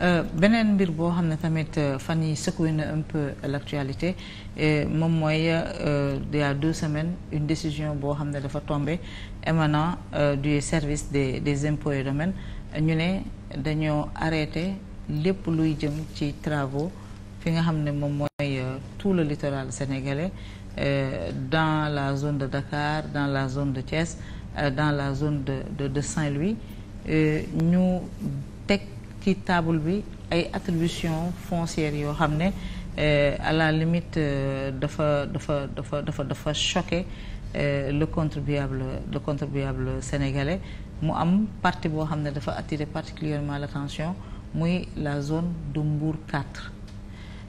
Euh, beneen mbir boo xam ne tamit euh, fan yi secoué na un peu l'actualité euh, moom mooy il y a deux semaines une décision boo xam ne dafa tombe émanant du service des des impôts et domaines ñu ne dañoo arrêté lépp luy jëm ci travaux fi nga xam ne moom mooy tout le littoral sénégalais dans la zone de Dakar dans la zone de Thiès dans la zone de de de Saint-Louis ñu. ci table bi ay attribution foncière yoo xam ne euh, à la limite euh, dafa dafa dafa dafa dafa choqué euh, le contribuable le contribuable sénégalais mu am parti boo xam ne dafa attiré particulièrement l'attention muy la zone du Mbour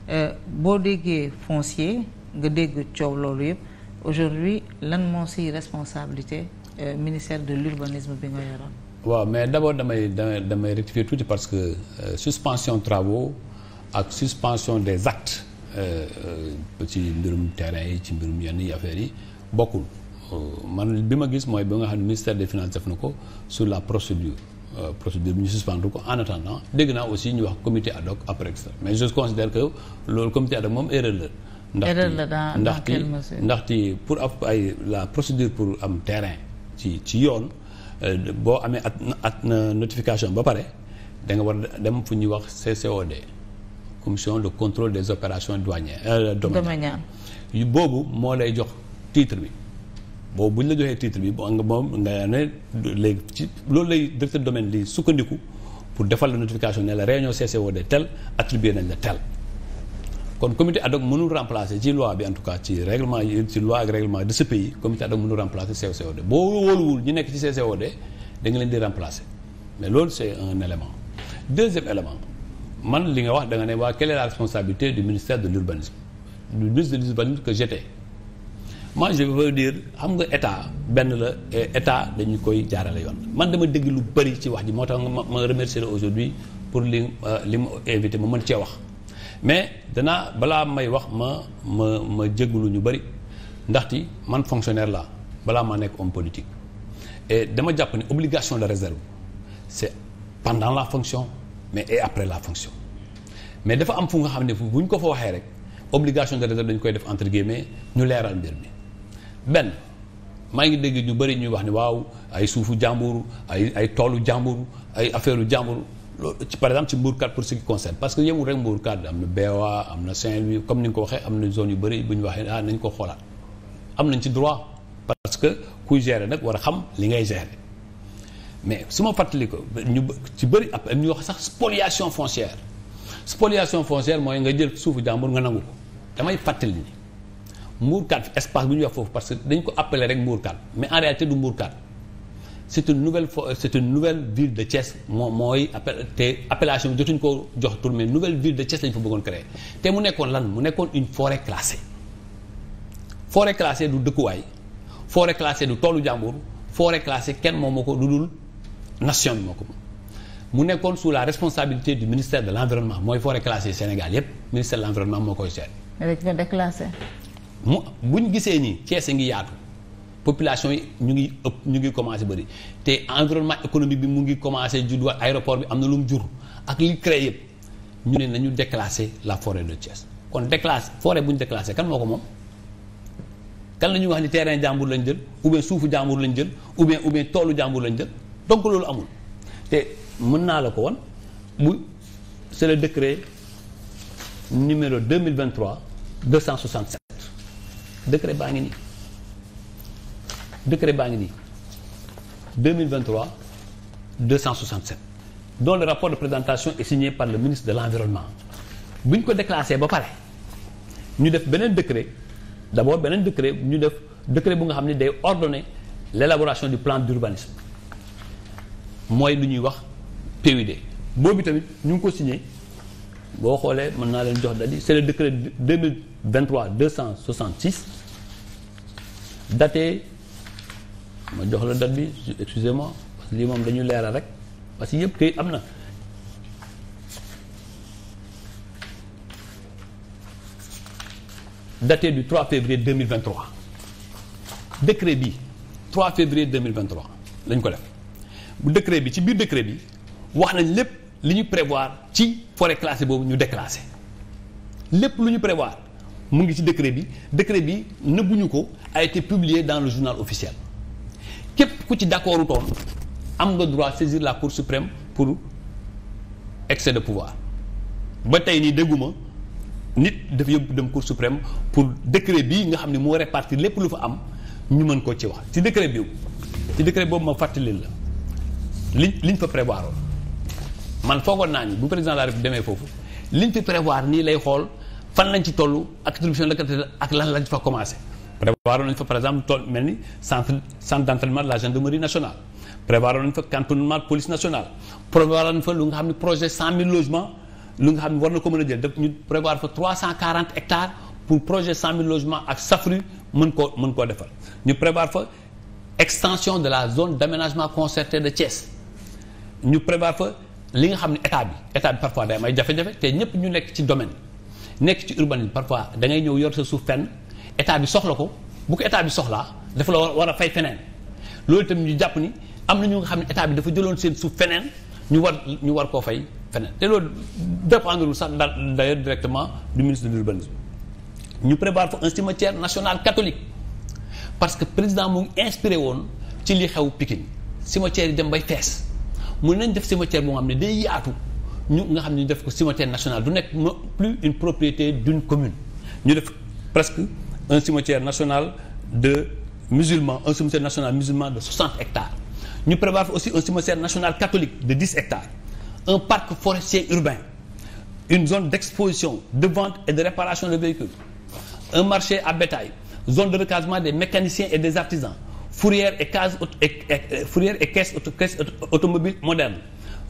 4 boo déggee foncier nga dégg coow loolu yëpp aujourd'hui lan moo si responsabilité ministère de l'urbanisme bi nga yoroon waaw mais d' abord damay damay damay rectifier tuuti parce que euh, suspension travaux ak suspension des actes euh, ci mbirum terrain yi ci mbirum yenn yi affaires yi bokkul euh, man bi ma gis mooy bi nga xam ne ministère de finance def na ko sur la procédure euh, procédure bi ñu suspendre ko en attendant dégg naa aussi ñu wax comité ad hoc après ça mais je considère que loolu comité ad hoc moom erreur la ndaxti ndaxti pour ab ay la procédure pour am terrain ci ci yoon Euh, boo amee at at notification ba pare danga nga war dem fu ñuy wax CCOD commission de contrôle des opérations douanières euh, domaniales yu boobu moo lay jox tiitre bi boobu bu ñu la joxee titre bi nga moom nga ne léegi ci loolu lay directeur domaine li sukkandiku pour defal la notification ne la réunion CCOD tel attribué nañ la tel kon comité ad hoc mënul remplacer ci loi bi en tout cas ci règlement ci loi ak règlement de ce pays comité ad hoc mënul remplacer CCOD boo wóoluwul ñu nekk ci CCOD da nga leen di remplacer mais loolu c'est un élément deuxième élément man li nga wax danga ne waa quelle est la responsabilité du ministère de l'urbanisme du ministre de l'urbanisme que j'étais ma je veux dire xam nga état benn la état dañu koy jaarale yoon man dama dégg lu ci wax ji moo tax ma remercier la aujourd'hui pour li euh, li ma invité ma mën cee wax mais danaa balaa may wax ma ma ma jégalu ñu bëri ndaxte man fonctionnaire laa balaa maa nekk homme politique et dama jàpp ni obligation de réserve c'est pendant la fonction mais et après la fonction mais dafa am fu nga xam ne fu bu ñu ko fa waxee rek obligation de réserve dañu koy def entre guillemets ñu leeral mbir mi benn maa ngi dégg ñu bëri ñuy wax ni waaw ay suufu jàmbur ay ay toolu jàmbur ay affaireu jàmbur loolu ci par exemple ci Mbourkat pour ce qui concerne parce que yemul rek Mbourkat am na Bewa am na Saint-Louis comme ni nga ko waxee am na zone yu bëri bu ñu waxee ah, nañ ko xoolaat am nañ ci droit parce que kuy gérer nag war a xam li ngay gérer mais su ma fàttali ko ñu ci bëri après ñu wax sax spoliation foncière spoliation foncière mooy nga jël suufu jàmbur nga nangu ko damay fàttali ni Mbourkat espace bu ñuy wax foofu parce que dañ ko appelé rek Mbourkat mais en du Mbourkat. c'est une nouvelle euh, c'est une nouvelle ville de Thiès moom mooy appel te appellation bi jotuñu ko jox tour mais nouvelle ville de Thiès lañu fa bëggoon créer te mu nekkoon lan mu nekkoon une forêt classée forêt classée du dëkkuwaay forêt classée du toolu jàmbur forêt classée kenn moom moo ko lu dul nation bi moo ko mu nekkoon sous la responsabilité du ministère de l'environnement mooy forêt classée Sénégal yépp ministère de l'environnement moo koy seet. rek bu gisee nii Thiès ngi yaatu. population yi ñu ngi ëpp ñu ngi commencé bëri te environnement économique bi mu ngi commencé judduwaat aéroport bi am na lu mu jur ak li créé yëpp ñu ne nañu déclasser la forêt de Thiès kon déclasse forêt bu ñu déclassé kan moo ko moom kan la ñuy wax ni terrain jàmbur lañ jël ou bien suufu jàmbur lañ jël ou bien toolu jàmbur lañ jël donc loolu amul te mën naa la ko won bu c'est le décret numéro 2023 267 décret baa ngi nii décret baa ngi nii 2023 267 dont le rapport de présentation est signé par le ministre de l'environnement bu ñu ko déclassé ba pare ñu def beneen décret d'abord beneen décret ñu def décret bu nga xam ne day ordonner l'élaboration du plan d'urbanisme mooy lu ñuy wax PUD boobu tamit ñu ngi ko signé boo xoolee mën naa leen jox dadi c'est le décret 2023 266 daté ma jox la date bi excusez lii moom dañuy leeral rek parce que yëpp kay am na. daté du 3 février 2023 décret bi 3 février 2023 lañ ko def bu décret bi ci biir décret bi wax nañ lépp li ñu prévoir ci forêt classée boobu ñu déclassé lépp lu ñu prévoir mu ngi ci décret bi décret bi nëbbuñu ko a été publié dans le journal officiel. képp ku ci d'accord utoon am nga droit saisir la cour suprême pour excès de pouvoir ba tey nii dégguma nit daf yëpp dem cour suprême pour décret bii nga xam ne moo répartir lépp lu fa am ñu mën koo ci wax ci décret bi ci décret boobu ma fàttali la liñ liñ fa prévoir woon man foogoon naa ni bu président de la République demee foofu liñ fi prévoir nii lay xool fan lañ ci toll ak attribution de ak lan lañ fa commencé. prévoir nañ fa par exemple tool mel ni centre centre d'entraînement de la gendarmerie nationale prévoir nañ fa cantonnement de police nationale prévoir nañ fa lu nga xam ne projet 100000 logements lu nga xam ne war na ko mën a jël def ñu prévoir fa hectares pour projet 100000 logements ak SAFRU mën koo mën koo defal ñu prévoir fa extension de la zone d'aménagement concerté de Thiès ñu prévoir fa li nga xam ne état bi état bi parfois day am jafe-jafe te ñëpp ñu nekk ci domaine état bi soxla ko bu ko état bi soxlaa dafa la war a fay feneen loolu tamit ñu jàpp ni am na ñu nga xam ne état bi dafa jëloon seen suuf feneen ñu war ñu war koo fay feneen te loolu dépendrewul sax d'ailleurs directement du ministre de l'urbanisme ñu prévoir fa un cimetière national catholique parce que président mu ngi inspiré woon ci li xew Pikine cimetière yi dem bay fees mun nañ def cimetière boo xam ne day yaatu ñu nga xam ni ñu def ko cimetière national du nekk plus une propriété d'une commune ñu def un cimetière national de musulmans un cimetière national musulman de 60 hectares ñu prévoir fi aussi un cimetière national catholique de 10 hectares un parc forestier urbain une zone d'exposition de vente et de réparation de véhicules un marché à bétail zone de recasement des mécaniciens et des artisans fourrière et case et, et, fourrière et caisse, auto, caisse automobile moderne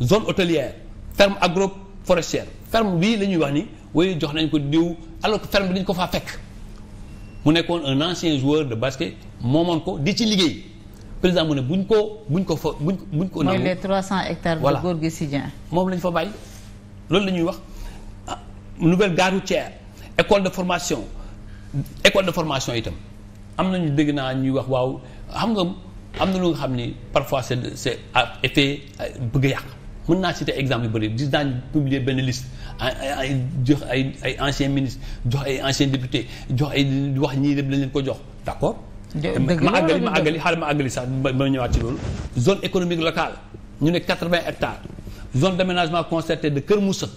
zone hôtelière ferme agroforestière ferme bii la ñuy wax ni waaye jox nañ ko diw alors que ferme bi dañ ko faa fekk mu nekkoon un ancien joueur de basket moomoon ko di ci liggéey président mu ne buñ koo buñ ko fa buñ buñ ko. nangu mooy les 300 hectares. voilà de Gorgui Sy moom lañ fa bàyyi loolu la ñuy wax ah, nouvelle gare routière école de formation école de formation itam am nañu dégg naa ñuy wax waaw xam nga am na lu nga xam ni parfois c'est c'est à effet bëgg yàq mën naa te exemple yu bëri gis daan ñu publier benn liste. ay ay jox ay ay anciens ministres jox ay anciens députés jox ay wax ñii lépp lañ leen ko jox d'accord. ma àggali ma àggali xaaral ma àggali sax ba ma ñëwaat ci loolu. zone économique locale ñu ne quatre-vingts hectares zone d'aménagement concerté de Kër Moussa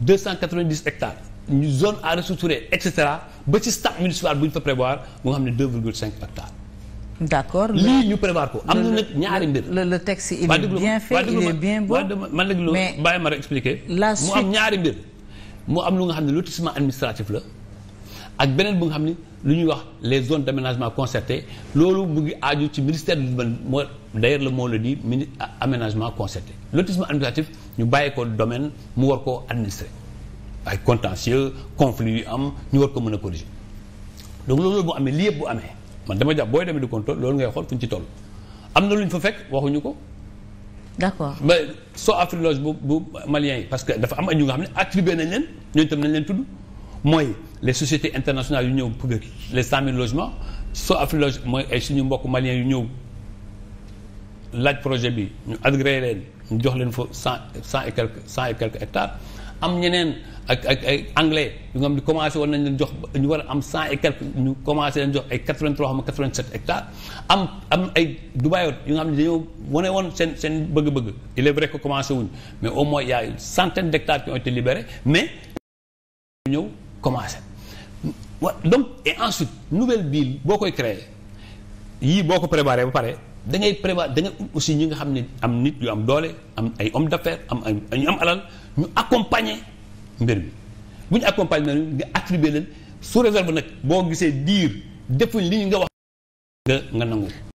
deux cent quatre-vingt-dix hectares ñu zone à restructurer et cetera ba ci stade municipal bu fa prévoir nga xam ne deux virgule cinq hectares. accord lii ñu prévoir ko am na nag ñaari mbir. le le texte il est bien fait il est bien beau man nag loolu bàyyi ma rek expliquer. la suite mu am ñaari mbir mu am lu nga xam ne lotissement administratif la ak beneen bu nga xam ne lu ñuy wax les zones d' aménagement concerté loolu mu ngi aaju ci ministère de l'urbanisme moo d' moo la di mini aménagement concerté lotissement administratif ñu bàyyi ko domaine mu war koo administrer ay contentieux conflits yu am ñu war ko mën a corriger donc loolu bu amee lii yëpp bu amee. man dama jàpp booy demee di contrôle loolu ngay xool fu ñu ci toll am na lu ñu fa fekk waxuñu ko. d'accord ba soo afriloge bu bu malien yi parce que dafa am ay ñu nga xam ne attribué nañ leen ñooñu tam nañ leen tudd mooy les sociétés internationales yu ñëw pour les cent mille logements soo afriloge mooy ay suñu mbokk malien yu ñëw laaj projet bi ñu agréé leen ñu jox leen fa cent cent et quelques cent et quelques am ñeneen. ak ak ay anglais yu nga xam ne commencé woon nañ leen jox ñu war a am cent et ñu commencé leen jox ay quatre vingt trois xam quatre vingt sept hectares am am ay dubayoot yu nga xam ne dañoo wane woon seen seen bëgg-bëgg il est vrai que commencé wuñ mais au moins y a une centaine d' hectares qui ont mais ñëw commencé wa donc et ensuite nouvelle ville boo koy créer yii boo ko préparé ba pare dangay ngay prévoir aussi ñi nga xam ne am nit yu am doole am ay hommes d'affaires am ay ñu am alal ñu accompagner mbir mi bu ñu accompagner nañu nga attribuer leen réserve nag boo gisee diir defuñ li ñu nga wax nga nga nangu